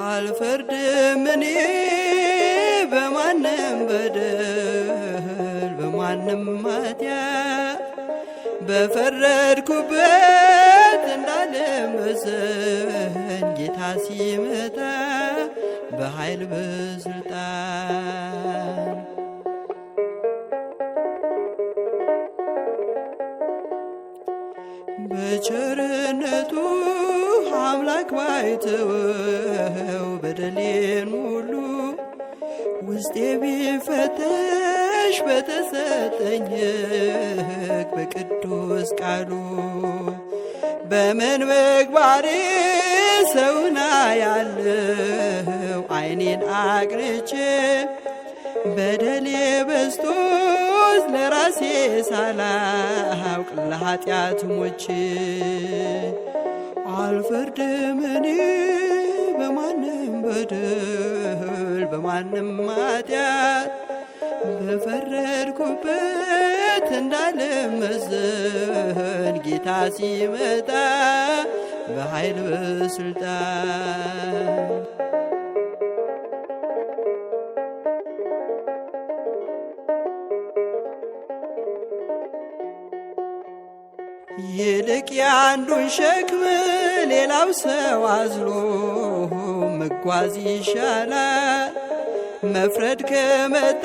አልፈርድም እኔ በማንም በደል በማንም ኃጢአት በፈረድኩበት ልምስን ጌታ ሲመጣ በኃይል በስልጣን በቸርነቱ አምላክ ባይተወው በደሌን ሙሉ ውስጤ ቢፈተሽ በተሰጠኝ በቅዱስ ቃሉ በምን ምግባሬ ሰውና ያለው አይኔን አቅርቼ በደሌ በዝቶ ለራሴ ሳላውቅ ለኃጢአት ሞቼ አልፈርድም እኔ በማንም በደል በማንም ኃጢአት በፈረድኩበት እንዳልመዘን ጌታ ሲመጣ በኃይል በስልጣን ይልቅ የአንዱን ሸክም ሌላው ሰው አዝሎ መጓዝ ይሻላል። መፍረድ ከመጣ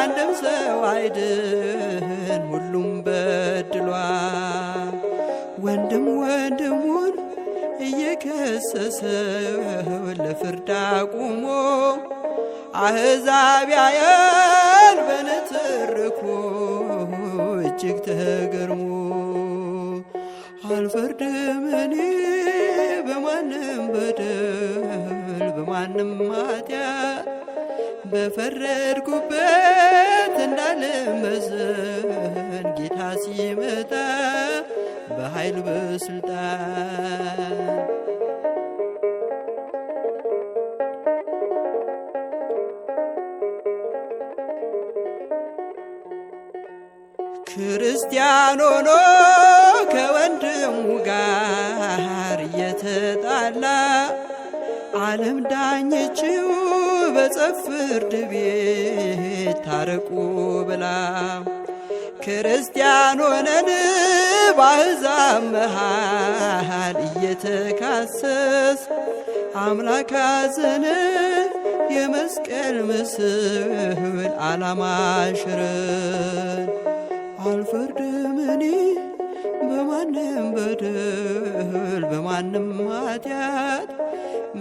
አንድም ሰው አይድን፣ ሁሉም በድሏል። ወንድም ወንድሙን እየከሰሰ ለፍርድ አቁሞ አሕዛብ ያያል በንትርኩ እጅግ ተገርሞ አልፈርድም እኔ በማንም በደል ማንም ማትያ በፈረድኩበት እንዳልመዘን ጌታ ሲመጣ በኃይል በስልጣን ክርስቲያን ሆኖ ከወንድሙ ጋር እየተጣላ ዓለም ዳኘችው በጸብ ፍርድ ቤት ታረቁ ብላ ክርስቲያን ሆነን ባሕዛብ መሃል እየተካሰስ አምላክ አዘነ የመስቀል ምስል አላማሽርን ሽርን አልፈርድም እኔ በማንም በደል በማንም ኃጢአት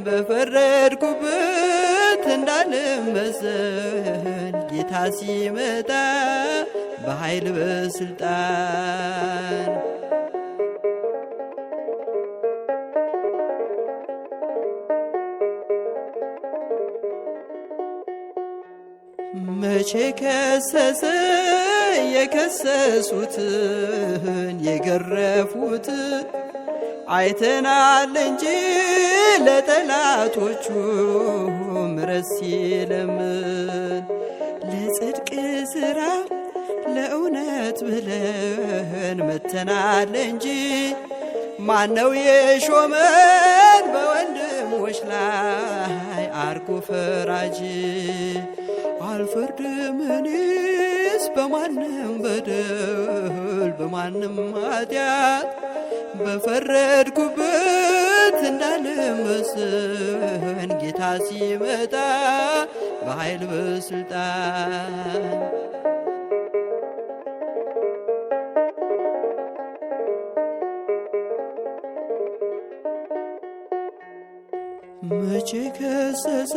በፈረድኩበት እንዳልመሰል ጌታ ሲመጣ በኃይል በስልጣን መቼ ከሰሰ የከሰሱትን የገረፉት አይተናል እንጂ ለጠላቶቹ ምረት ሲለምን ለጽድቅ ስራ ለእውነት ብለን መተናል እንጂ ማነው የሾመን በወንድሞች ላይ አርጎ ፈራጅ አልፈርድም በማንም በደል በማንም ኃጢአት በፈረድኩበት እንዳልመስን ጌታ ሲመጣ በኃይል በስልጣን መቼ ከሰሰ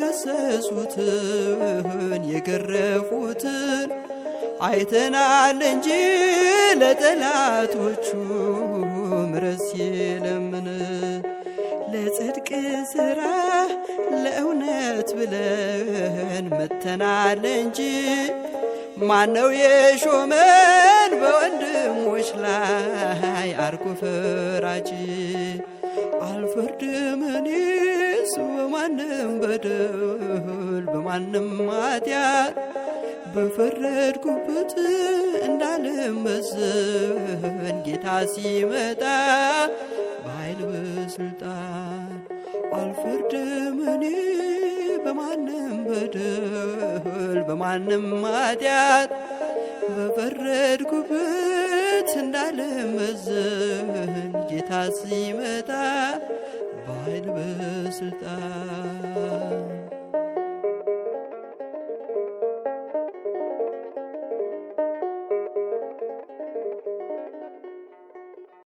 የከሰሱትን የገረፉትን አይተናል እንጂ ለጠላቶቹ ምረስ የለምን ለጽድቅ ስራ ለእውነት ብለን መተናል እንጂ ማነው የሾመን በወንድሞች ላይ አርጎ ፈራጅ አልፈርድም እኔ ቢደርስ በማንም በደል በማንም ኃጢአት በፈረድኩበት እንዳልመዘን ጌታ ሲመጣ በኃይል በስልጣን አልፈርድም እኔ በማንም በደል በማንም ኃጢአት በፈረድኩበት እንዳልመዘን ጌታ ሲመጣ I beide Büsseltag.